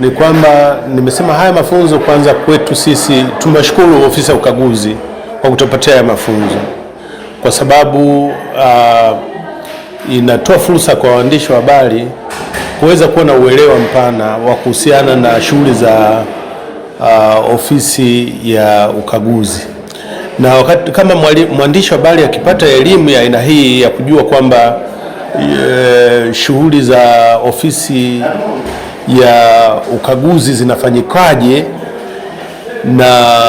ni kwamba nimesema haya mafunzo kwanza, kwetu sisi tumeshukuru ofisi ya ukaguzi kwa kutupatia haya mafunzo kwa sababu uh, inatoa fursa kwa waandishi wa habari kuweza kuwa na uelewa mpana wa kuhusiana na shughuli za uh, ofisi ya ukaguzi na wakati kama mwandishi wa habari akipata elimu ya aina hii ya kujua kwamba uh, shughuli za ofisi ya ukaguzi zinafanyikaje na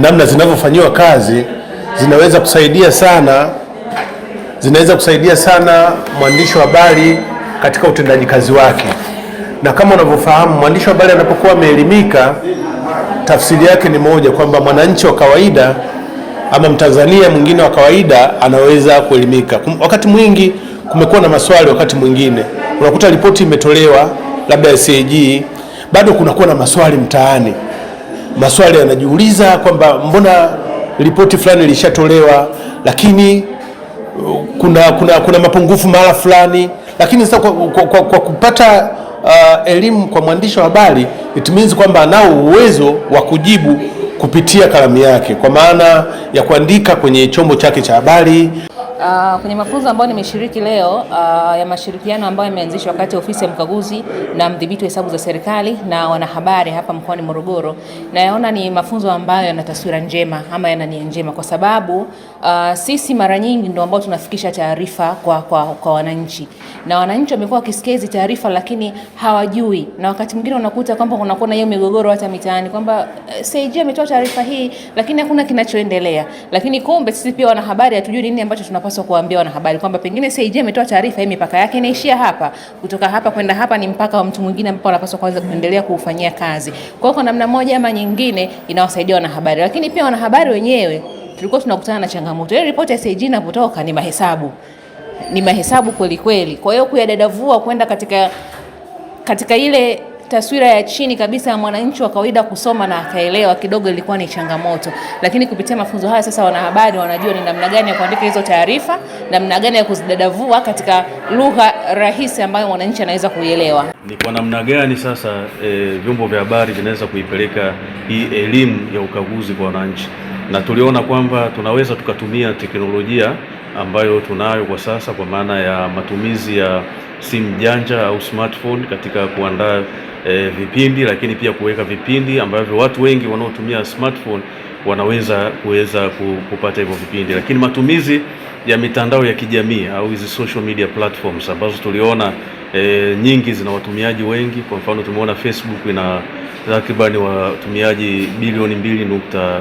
namna zinavyofanyiwa kazi zinaweza kusaidia sana, zinaweza kusaidia sana mwandishi wa habari katika utendaji kazi wake. Na kama unavyofahamu, mwandishi wa habari anapokuwa ameelimika, tafsiri yake ni moja, kwamba mwananchi wa kawaida ama Mtanzania mwingine wa kawaida anaweza kuelimika. Wakati mwingi kumekuwa na maswali, wakati mwingine unakuta ripoti imetolewa labda SAG, bado kunakuwa na maswali mtaani, maswali yanajiuliza kwamba mbona ripoti fulani ilishatolewa, lakini kuna, kuna, kuna mapungufu mahala fulani, lakini sasa kwa, kwa, kwa, kwa kupata uh, elimu kwa mwandishi wa habari it means kwamba anao uwezo wa kujibu kupitia kalamu yake kwa maana ya kuandika kwenye chombo chake cha habari. Uh, kwenye mafunzo ambayo nimeshiriki leo uh, ya mashirikiano ambayo yameanzishwa kati ya ofisi ya mkaguzi na mdhibiti wa hesabu za serikali na wanahabari hapa mkoani Morogoro, nayaona ni mafunzo ambayo yana taswira njema ama yana nia njema, kwa sababu uh, sisi mara nyingi ndio ambao tunafikisha taarifa kwa, kwa, kwa wananchi na wananchi wamekuwa wakisikia hizi taarifa lakini hawajui, na wakati mwingine unakuta kwamba unakuwa na hiyo migogoro hata mitaani kwamba CAG eh, ametoa taarifa hii, lakini hakuna kinachoendelea, lakini kumbe sisi pia wanahabari hatujui nini ambacho tunapata wanapaswa kuambia wanahabari kwamba pengine CAG ametoa taarifa hii, mipaka yake inaishia hapa, kutoka hapa kwenda hapa ni mpaka wa mtu mwingine ambapo wanapaswa kwanza kuendelea kuufanyia kazi. Kwa hiyo kwa namna moja ama nyingine inawasaidia wanahabari, lakini pia wanahabari wenyewe tulikuwa tunakutana na changamoto. Ile ripoti ya CAG inapotoka ni mahesabu, ni mahesabu kweli kweli. Kwa hiyo kuyadadavua kwenda katika katika ile taswira ya chini kabisa ya mwananchi wa kawaida kusoma na akaelewa kidogo ilikuwa ni changamoto, lakini kupitia mafunzo haya sasa wanahabari wanajua ni namna gani ya kuandika hizo taarifa, namna gani ya kuzidadavua katika lugha rahisi ambayo mwananchi anaweza kuielewa. Ni kwa namna gani sasa e, vyombo vya habari vinaweza kuipeleka hii elimu ya ukaguzi kwa wananchi, na tuliona kwamba tunaweza tukatumia teknolojia ambayo tunayo kwa sasa, kwa maana ya matumizi ya simu janja au smartphone katika kuandaa e, vipindi, lakini pia kuweka vipindi ambavyo watu wengi wanaotumia smartphone wanaweza kuweza kupata hivyo vipindi, lakini matumizi ya mitandao ya kijamii au hizi social media platforms ambazo tuliona e, nyingi zina watumiaji wengi. Kwa mfano tumeona Facebook ina takribani watumiaji bilioni mbili nukta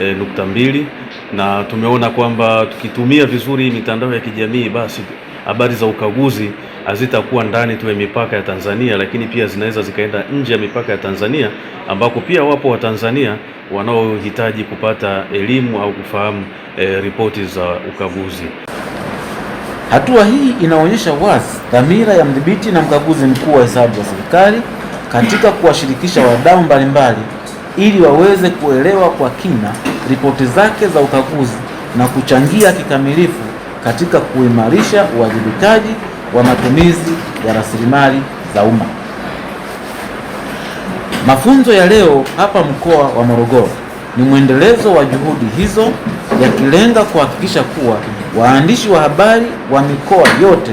e, nukta mbili na tumeona kwamba tukitumia vizuri mitandao ya kijamii basi habari za ukaguzi hazitakuwa ndani tu ya mipaka ya Tanzania, lakini pia zinaweza zikaenda nje ya mipaka ya Tanzania ambako pia wapo Watanzania wanaohitaji kupata elimu au kufahamu e, ripoti za ukaguzi. Hatua hii inaonyesha wazi dhamira ya mdhibiti na mkaguzi mkuu wa hesabu za serikali katika kuwashirikisha wadau mbalimbali ili waweze kuelewa kwa kina ripoti zake za ukaguzi na kuchangia kikamilifu katika kuimarisha uwajibikaji wa matumizi ya rasilimali za umma. Mafunzo ya leo hapa mkoa wa Morogoro ni mwendelezo wa juhudi hizo yakilenga kuhakikisha kuwa waandishi wa habari wa mikoa yote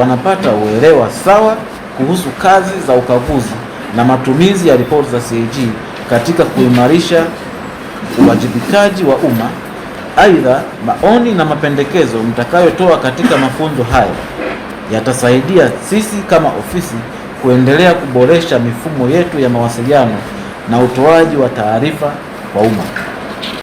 wanapata uelewa sawa kuhusu kazi za ukaguzi na matumizi ya ripoti za CAG katika kuimarisha uwajibikaji wa umma. Aidha, maoni na mapendekezo mtakayotoa katika mafunzo hayo yatasaidia sisi kama ofisi kuendelea kuboresha mifumo yetu ya mawasiliano na utoaji wa taarifa kwa umma.